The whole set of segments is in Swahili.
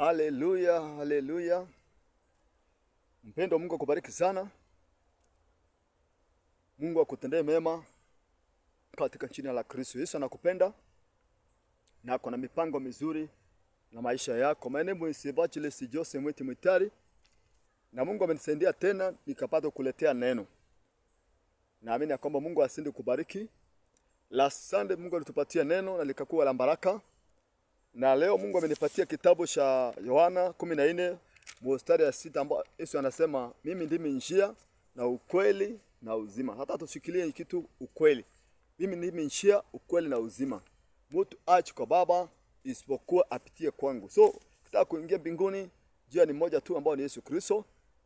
Haleluya, haleluya. Mpendo Mungu akubariki sana. Mungu akutendee mema katika jina la Kristo Yesu. Anakupenda na kuna mipango mizuri na maisha yako. My name is Evangelist Jose Mwiti Mwitari, na Mungu amenisaidia tena nikapata kuletea neno. Naamini ya kwamba Mungu asindi kubariki. Last Sunday Mungu alitupatia neno na likakuwa la baraka na leo Mungu amenipatia kitabu cha Yohana kumi mstari ya sita ambao Yesu anasema mimi ndimi njia na ukweli na uzima. Hata tushikilie kitu ukweli, mimi ndimi njia, ukweli na uzima, mtu aache kwa Baba isipokuwa apitie kwangu. So kitaka kuingia mbinguni, njia ni moja tu ambayo ni Yesu Kristo.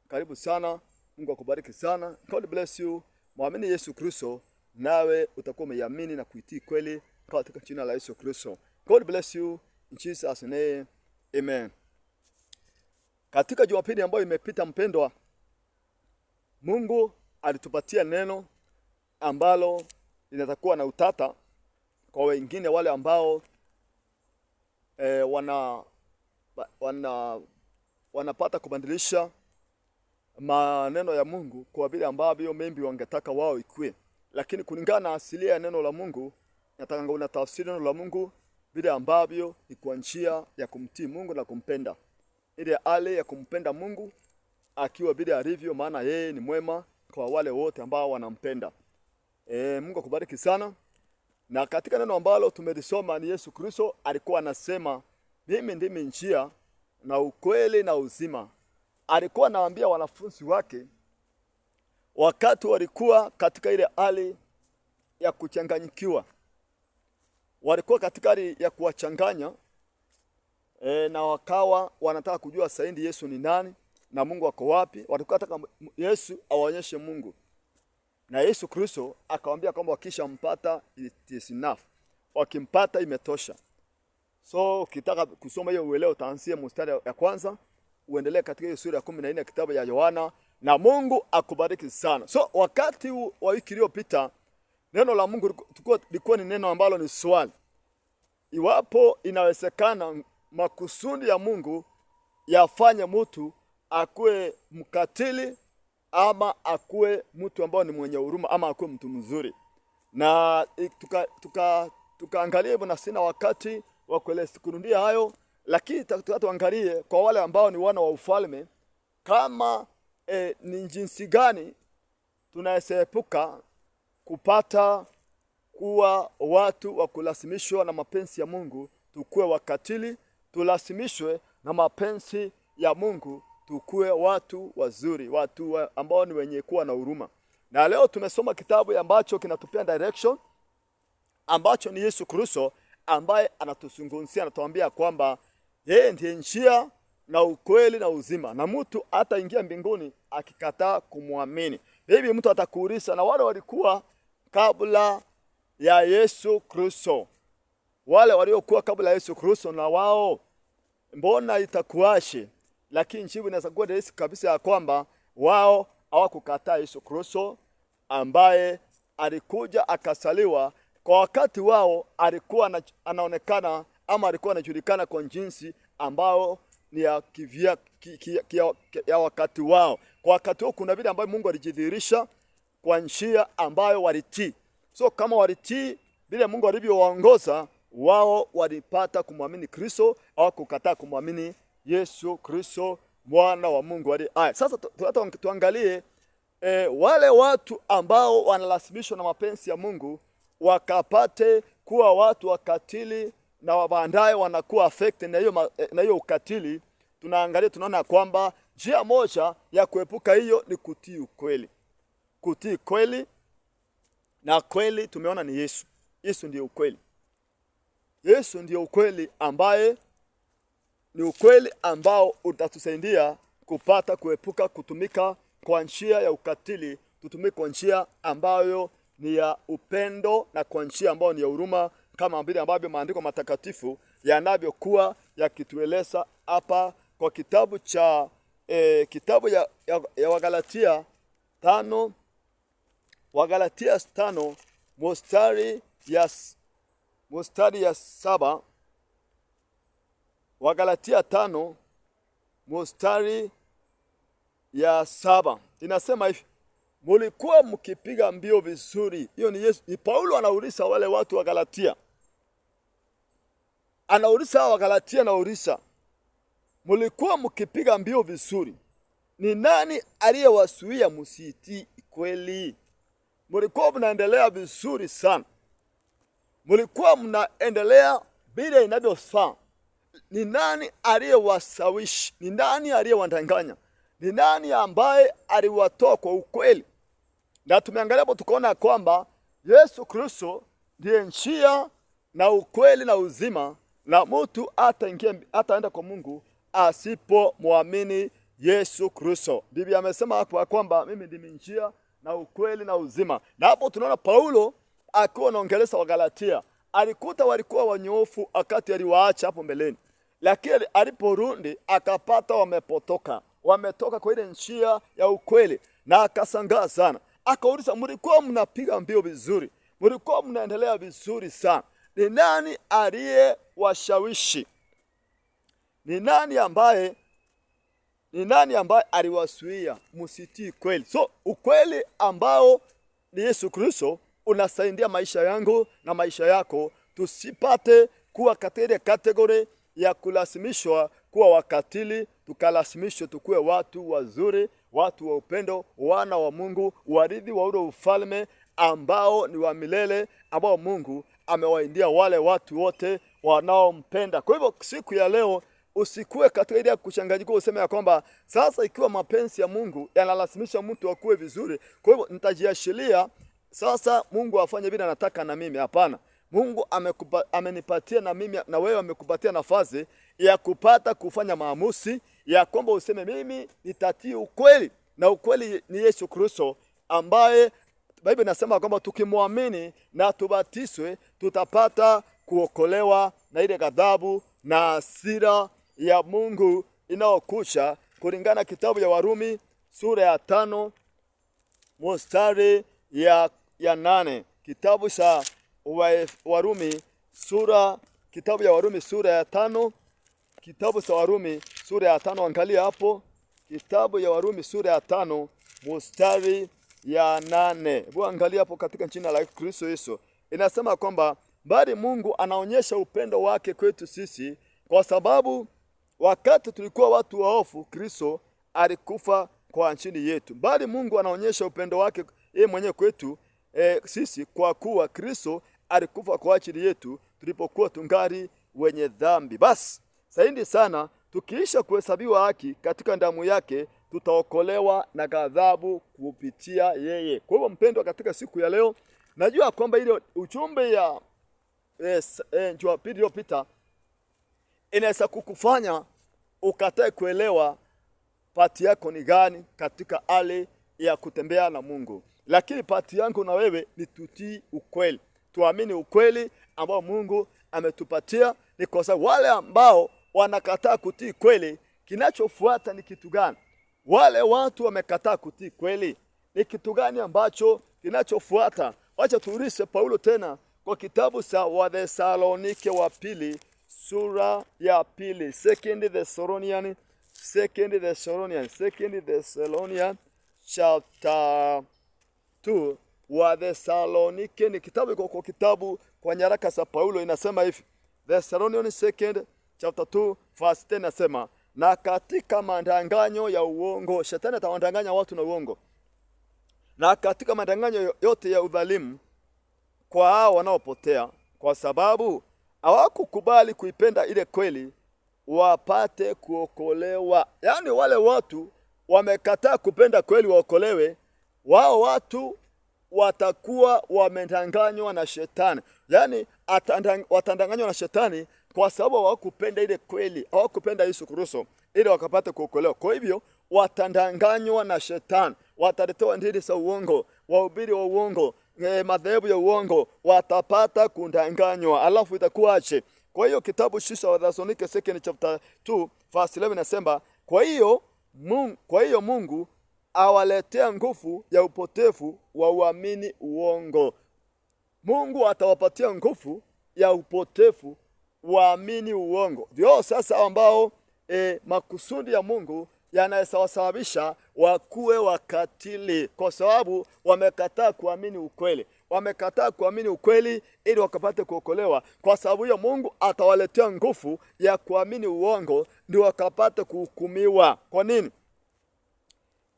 Karibu sana, Mungu akubariki sana. God bless you. Mwamini Yesu Kristo nawe utakuwa umeamini na kuitii kweli katika jina la Yesu Kristo. God bless you. In Jesus name, amen. Katika Jumapili ambayo imepita, mpendwa, Mungu alitupatia neno ambalo linatakuwa na utata kwa wengine wale ambao e, wana, wana wanapata kubadilisha maneno ya Mungu kwa vile ambavyo membi wangetaka wao ikue, lakini kulingana na asilia ya neno la Mungu nataka una tafsiri neno la Mungu vile ambavyo ni kwa njia ya kumtii Mungu na kumpenda, ile hali ya kumpenda Mungu akiwa vile alivyo, maana yeye ni mwema kwa wale wote ambao wanampenda. E, Mungu akubariki sana. Na katika neno ambalo tumelisoma ni Yesu Kristo alikuwa anasema mimi ndimi njia na ukweli na uzima. Alikuwa anawaambia wanafunzi wake wakati walikuwa katika ile hali ya kuchanganyikiwa, walikuwa katika hali ya kuwachanganya e, na wakawa wanataka kujua saindi Yesu ni nani na Mungu ako wapi. Walikuwa wanataka Yesu awaonyeshe Mungu, na Yesu Kristo akawaambia kwamba wakishampata it is enough, wakimpata imetosha. So ukitaka kusoma hiyo uelewa, utaanzia mstari ya kwanza uendelee katika hiyo sura ya kumi na nne ya kitabu ya Yohana, na Mungu akubariki sana. So wakati wa wiki iliyopita Neno la Mungu likuwa ni neno ambalo ni swali. Iwapo inawezekana makusudi ya Mungu yafanye mtu akuwe mkatili ama akuwe mtu ambaye ni mwenye huruma ama akuwe mtu mzuri, na tukaangalia tuka, tuka hivyo, na sina wakati wa kuelezea hayo, lakini tuangalie kwa wale ambao ni wana wa ufalme kama eh, ni jinsi gani tunaesepuka kupata kuwa watu wa kulazimishwa na mapenzi ya Mungu, tukuwe wakatili, tulazimishwe na mapenzi ya Mungu, tukuwe watu wazuri, watu wa ambao ni wenye kuwa na huruma. Na leo tumesoma kitabu ambacho kinatupia direction ambacho ni Yesu Kristo ambaye anatuzungumzia, anatuambia kwamba yeye ndiye njia na ukweli na uzima, na mtu hataingia mbinguni akikataa kumwamini. hivi mtu atakuuliza na wale walikuwa kabla ya Yesu Kristo. Wale waliokuwa kabla ya Yesu Kristo na wao mbona itakuwashe? Lakini jibu inaweza kuwa rahisi kabisa ya kwamba wao hawakukataa Yesu Kristo ambaye alikuja akasaliwa kwa wakati wao, alikuwa anaonekana ama alikuwa anajulikana kwa jinsi ambao ni ya, kivya, ki, ki, ki, ya, ya wakati wao. Kwa wakati huo kuna vile ambavyo Mungu alijidhihirisha kwa njia ambayo walitii. So kama walitii vile Mungu alivyowaongoza, wao walipata kumwamini Kristo au kukataa kumwamini Yesu Kristo mwana wa Mungu ali aya. Sasa tuangalie e, wale watu ambao wanalazimishwa na mapenzi ya Mungu wakapate kuwa watu wakatili na wabandaye wanakuwa affected na hiyo eh, na hiyo ukatili. Tunaangalia tunaona kwamba njia moja ya kuepuka hiyo ni kutii ukweli kutii kweli, na kweli tumeona ni Yesu. Yesu ndiye ukweli. Yesu ndiye ukweli ambaye ni ukweli ambao utatusaidia kupata kuepuka kutumika kwa njia ya ukatili, tutumike kwa njia ambayo ni ya upendo na kwa njia ambayo ni ya huruma, kama vile ambavyo maandiko matakatifu yanavyokuwa yakitueleza hapa kwa kitabu cha eh, kitabu ya, ya, ya Wagalatia tano Wagalatia tano mstari ya, mstari ya saba Wagalatia tano mstari ya saba inasema hivi mulikuwa mkipiga mbio vizuri. Hiyo ni Yesu, ni Paulo anaulisa wale watu wa Galatia, anaulisa wa Galatia, anaulisa mulikuwa mkipiga mbio vizuri, ni nani aliyewasuia msiitii kweli? mulikuwa mnaendelea vizuri sana, mulikuwa mnaendelea bila inavyofaa. Ni nani aliyewasawishi? Ni nani aliyewandanganya? Ni nani ambaye aliwatoa kwa ukweli? Na tumeangalia hapo, tukaona kwamba Yesu Kristo ndiye njia na ukweli na uzima, na mtu hataingia hataenda kwa Mungu asipomwamini Yesu Kristo. Ndivyo amesema hapo kwamba mimi ndimi njia na ukweli na uzima. Na hapo tunaona Paulo akiwa wa Wagalatia, alikuta walikuwa wanyofu akati aliwaacha hapo mbeleni, lakini aliporudi akapata wamepotoka, wametoka kwa ile njia ya ukweli, na akasangaa sana, akauliza, mlikuwa mnapiga mbio vizuri, mlikuwa mnaendelea vizuri sana, ni nani aliye washawishi Ni nani ambaye ni nani ambaye aliwazuia msitii kweli? So ukweli ambao ni Yesu Kristo unasaidia maisha yangu na maisha yako, tusipate kuwa katika kategori ya kulazimishwa kuwa wakatili, tukalazimishwa tukuwe watu wazuri, watu wa upendo, wana wa Mungu, warithi wa ule ufalme ambao ni wa milele, ambao Mungu amewaindia wale watu wote wanaompenda. Kwa hivyo siku ya leo usikue katika ile kuchanganyika, useme ya kwamba sasa, ikiwa mapenzi ya Mungu yanalazimisha mtu akuwe vizuri, kwa hivyo nitajiashiria sasa Mungu afanye vile anataka na mimi. Hapana, Mungu amekupa, amenipatia na mimi na wewe amekupatia nafasi ya kupata kufanya maamuzi ya kwamba useme mimi nitatii ukweli, na ukweli ni Yesu Kristo ambaye Biblia inasema kwamba tukimwamini na tubatiswe tutapata kuokolewa na ile ghadhabu na hasira ya Mungu inayokucha kulingana kitabu ya Warumi sura ya tano mstari ya, ya nane kitabu cha Warumi sura kitabu ya Warumi sura ya tano kitabu cha Warumi sura ya tano angalia hapo kitabu ya Warumi sura ya tano mstari ya nane Bu angalia hapo katika jina la Kristo Yesu inasema kwamba bali Mungu anaonyesha upendo wake kwetu sisi kwa sababu Wakati tulikuwa watu waofu Kristo alikufa kwa ajili yetu, bali Mungu anaonyesha upendo wake yeye mwenyewe kwetu e, sisi kwa kuwa Kristo alikufa kwa ajili yetu tulipokuwa tungari wenye dhambi. Basi saindi sana, tukiisha kuhesabiwa haki katika damu yake tutaokolewa na ghadhabu kupitia yeye. Kwa hivyo, mpendwa, katika siku ya leo najua kwamba ile ujumbe ya eh, eh, Jumapili eh, eh, iliyopita inaweza kukufanya ukatae kuelewa pati yako ni gani katika hali ya kutembea na Mungu. Lakini pati yangu na wewe ni tutii ukweli, tuamini ukweli ambao Mungu ametupatia. Ni kwa sababu wale ambao wanakataa kutii kweli, kinachofuata ni kitu gani? Wale watu wamekataa kutii kweli, ni kitu gani ambacho kinachofuata? Wacha tuulize Paulo tena kwa kitabu cha Wathesalonike wa pili sura ya pili, Second Thessalonian, Second Thessalonian, Second Thessalonian chapter 2 wa Thessalonike ni kitabu iko kwa kitabu kwa nyaraka za Paulo inasema hivi Thessalonian second chapter 2 verse 10 nasema, na katika madanganyo ya uongo shetani atawadanganya watu na uongo, na katika madanganyo yote ya udhalimu kwa hao wanaopotea, kwa sababu hawakukubali kuipenda ile kweli wapate kuokolewa. Yaani wale watu wamekataa kupenda kweli waokolewe, wao watu watakuwa wamedanganywa na shetani, yaani watadanganywa na shetani kwa sababu hawakupenda ile kweli, hawakupenda Yesu Kristo ili wakapate kuokolewa. Kwa hivyo watadanganywa na shetani, wataletewa ndiri za uongo, wahubiri wa uongo e, madhehebu ya uongo watapata kundanganywa, alafu itakuwaje? Kwa hiyo kitabu shisha wa Thessalonike second chapter 2 verse 11 inasema, kwa hiyo Mungu, kwa hiyo Mungu awaletea nguvu ya upotevu wa uamini uongo. Mungu atawapatia nguvu ya upotevu waamini uongo, ndio sasa ambao e, makusudi ya Mungu yanayosababisha wakuwe wakatili, kwa sababu wamekataa kuamini ukweli wamekataa kuamini ukweli ili wakapate kuokolewa. Kwa sababu hiyo, Mungu atawaletea nguvu ya kuamini uongo ndio wakapate kuhukumiwa. Kwa nini?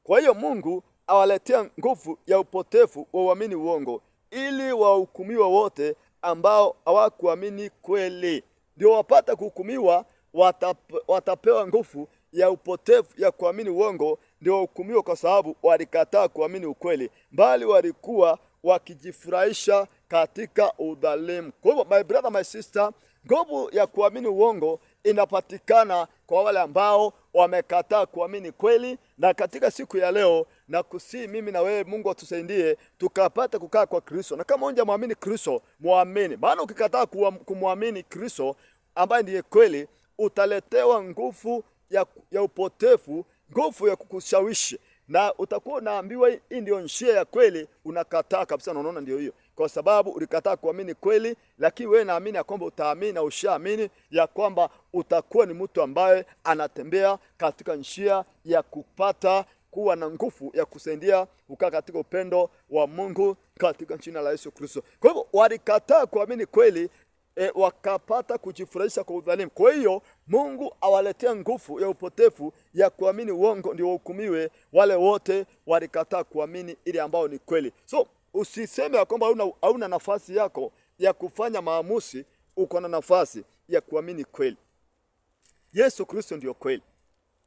Kwa hiyo Mungu awaletea nguvu ya upotevu wa uamini uongo ili wahukumiwa wote ambao hawakuamini kweli, ndio wapate kuhukumiwa. Watapewa nguvu ya upotevu ya kuamini uongo ndio wahukumiwa kwa sababu walikataa kuamini ukweli, bali walikuwa wakijifurahisha katika udhalimu. Kwa hivyo, my brother, my sister, nguvu ya kuamini uongo inapatikana kwa wale ambao wamekataa kuamini kweli. Na katika siku ya leo na kusii, mimi na wewe, Mungu atusaidie tukapata kukaa kwa Kristo, na kama unja mwamini Kristo, mwamini, maana ukikataa kumwamini Kristo ambaye ndiye kweli, utaletewa nguvu ya, ya upotefu nguvu ya kukushawishi, na utakuwa unaambiwa hii ndio njia ya kweli, unakataa kabisa, na unaona ndio hiyo, kwa sababu ulikataa kuamini kweli. Lakini wewe naamini ya kwamba utaamini na ushaamini ya kwamba utakuwa ni mtu ambaye anatembea katika njia ya kupata kuwa na nguvu ya kusaidia kukaa katika upendo wa Mungu katika jina la Yesu Kristo. Kwa hivyo walikataa kuamini kweli, e, wakapata kujifurahisha kwa udhalimu. Kwa hiyo Mungu awaletea nguvu ya upotevu ya kuamini uongo, ndio wahukumiwe wale wote walikataa kuamini ile ambayo ni kweli. So usiseme ya kwamba hauna, hauna nafasi yako ya kufanya maamuzi. Uko na nafasi ya kuamini kweli. Yesu Kristo ndiyo kweli.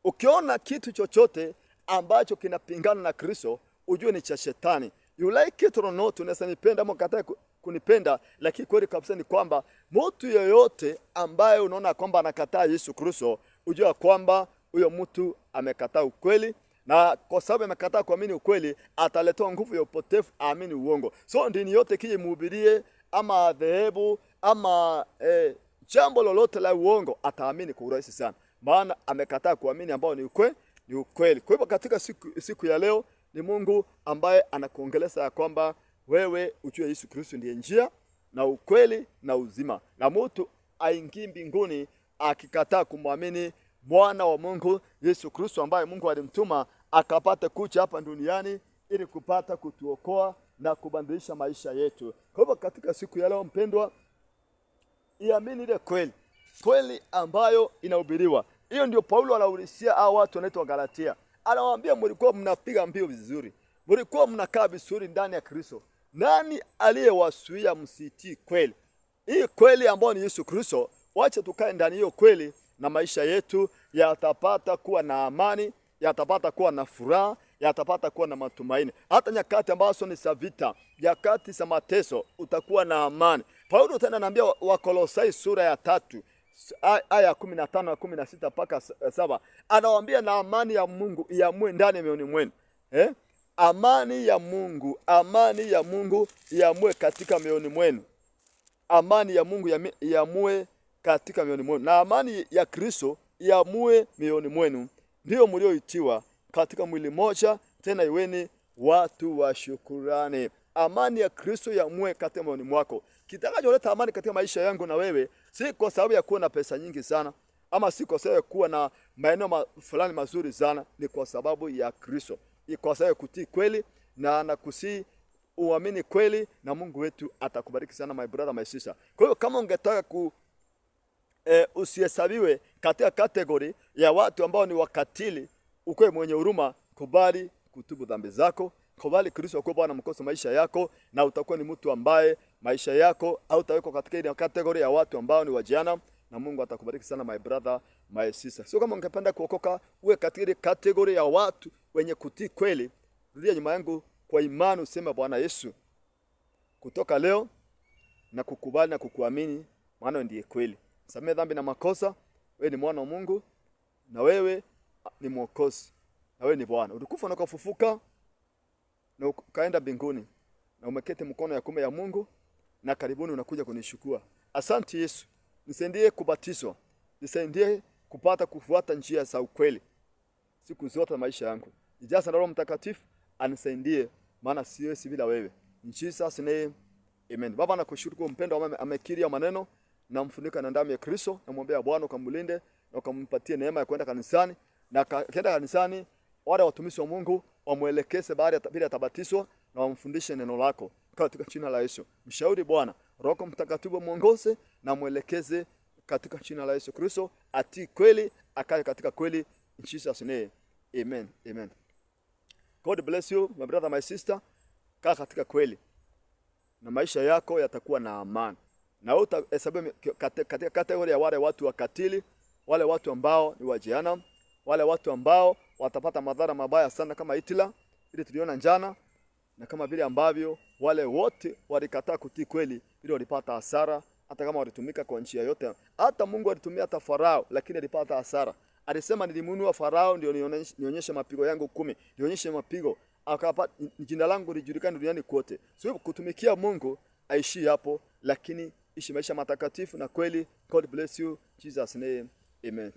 Ukiona kitu chochote ambacho kinapingana na Kristo, ujue ni cha shetani. You like it or not, unaweza nipenda ama ukatae kunipenda, lakini kweli kabisa ni kwamba mtu yoyote ambaye unaona kwamba anakataa Yesu Kristo, ujua kwamba huyo mtu amekataa ukweli na kwa sababu amekataa kuamini ukweli, ataletewa nguvu ya upotevu aamini uongo. So dini yote kije muhubirie ama dhehebu ama eh, jambo lolote la uongo, ataamini kwa urahisi sana, maana amekataa kuamini ambao ni ukweli, ni ukweli. Kwa hivyo katika siku, siku ya leo ni Mungu ambaye anakuongeleza ya kwamba wewe ujue Yesu Kristo ndiye njia na ukweli na uzima, na mutu aingii mbinguni akikataa kumwamini mwana wa Mungu Yesu Kristo ambaye Mungu alimtuma akapata kucha hapa duniani ili kupata kutuokoa na kubadilisha maisha yetu. Kwa hivyo katika siku ya leo mpendwa, iamini ile kweli, kweli ambayo inahubiriwa. Hiyo ndio Paulo anaulisia hao watu wanaitwa Galatia, anawaambia mlikuwa mnapiga mbio vizuri, mlikuwa mnakaa vizuri ndani ya Kristo, nani aliyewazuia msitii kweli? Hii kweli ambayo ni Yesu Kristo, wacha tukae ndani hiyo kweli, na maisha yetu yatapata kuwa na amani, yatapata kuwa na furaha, yatapata kuwa na matumaini. Hata nyakati ambazo ni za vita, nyakati za mateso, utakuwa na amani. Paulo tena anaambia Wakolosai sura ya tatu aya ya kumi na tano na kumi na sita mpaka saba anawaambia na amani ya Mungu iamue ndani ya mioyoni mwenu eh? amani ya Mungu, amani ya Mungu yamue katika mioyoni mwenu, amani ya Mungu yamue katika mioyoni mwenu, na amani ya Kristo yamue mioyoni mwenu, ndiyo mlioitiwa katika mwili moja, tena iweni watu wa shukurani. Amani ya Kristo yamue katika mioni mwako. Kitakacholeta amani katika maisha yangu na wewe, si kwa sababu ya kuwa na pesa nyingi sana, ama si kwa sababu ya kuwa na maeneo ma fulani mazuri sana, ni kwa sababu ya Kristo ikosayo kutii kweli, na nakusii uamini kweli, na Mungu wetu atakubariki sana, my brother, my sister. Kwa hiyo kama ungetaka ku e, usihesabiwe katika kategori ya watu ambao ni wakatili, ukuwe mwenye huruma, kubali kutubu dhambi zako, kubali Kristo akuwe Bwana mkosi maisha yako, na utakuwa ni mtu ambaye maisha yako utawekwa katika ile kategori ya watu ambao ni wajana, na Mungu atakubariki sana my brother maesisa. sister. Sio kama ungependa kuokoka uwe katika ile kategoria ya watu wenye kutii kweli, rudia nyuma yangu kwa imani, useme Bwana Yesu, kutoka leo na kukubali na kukuamini, maana ndiye kweli. Samehe dhambi na makosa, wewe ni mwana wa Mungu na wewe ah, ni Mwokozi na wewe ni Bwana. Ulikufa na kufufuka na ukaenda mbinguni na umeketi mkono ya kume ya Mungu na karibuni unakuja kunishukua. Asante Yesu, nisaidie kubatizwa, nisaidie kupata kufuata njia za ukweli siku zote za maisha yangu. Ijaza na Roho Mtakatifu anisaidie, maana siwezi bila wewe. In Jesus name amen. Baba, nakushukuru kwa mpendo wako, amekiria maneno na mfunika na damu ya Kristo, na muombea Bwana ukamlinde na ukampatie neema ya kwenda kanisani, na kaenda kanisani, wale watumishi wa Mungu wamwelekeze baada ya tabatisho na wamfundishe neno lako katika jina la Yesu. Mshauri Bwana, Roho Mtakatifu mwongoze na mwelekeze katika jina la Yesu Kristo, ati kweli akae katika kweli in Jesus name. Amen. Amen. God bless you my brother my sister, kaa katika kweli na maisha yako yatakuwa na amani, na wewe utahesabiwa katika kategoria ya wale watu wakatili, wale watu ambao ni wa jehanamu, wale watu ambao watapata madhara mabaya sana kama itila ile tuliona njana, na kama vile ambavyo wale wote walikataa kutii kweli, ili walipata hasara hata kama walitumika kwa nchi yote. Hata Mungu alitumia hata Farao, lakini alipata hasara. Alisema, nilimuinua Farao ndio nionyeshe mapigo yangu kumi, nionyeshe mapigo akapa, jina langu lijulikane duniani kote. Sio kutumikia Mungu aishi hapo, lakini ishi maisha matakatifu na kweli. God bless you, Jesus name, amen.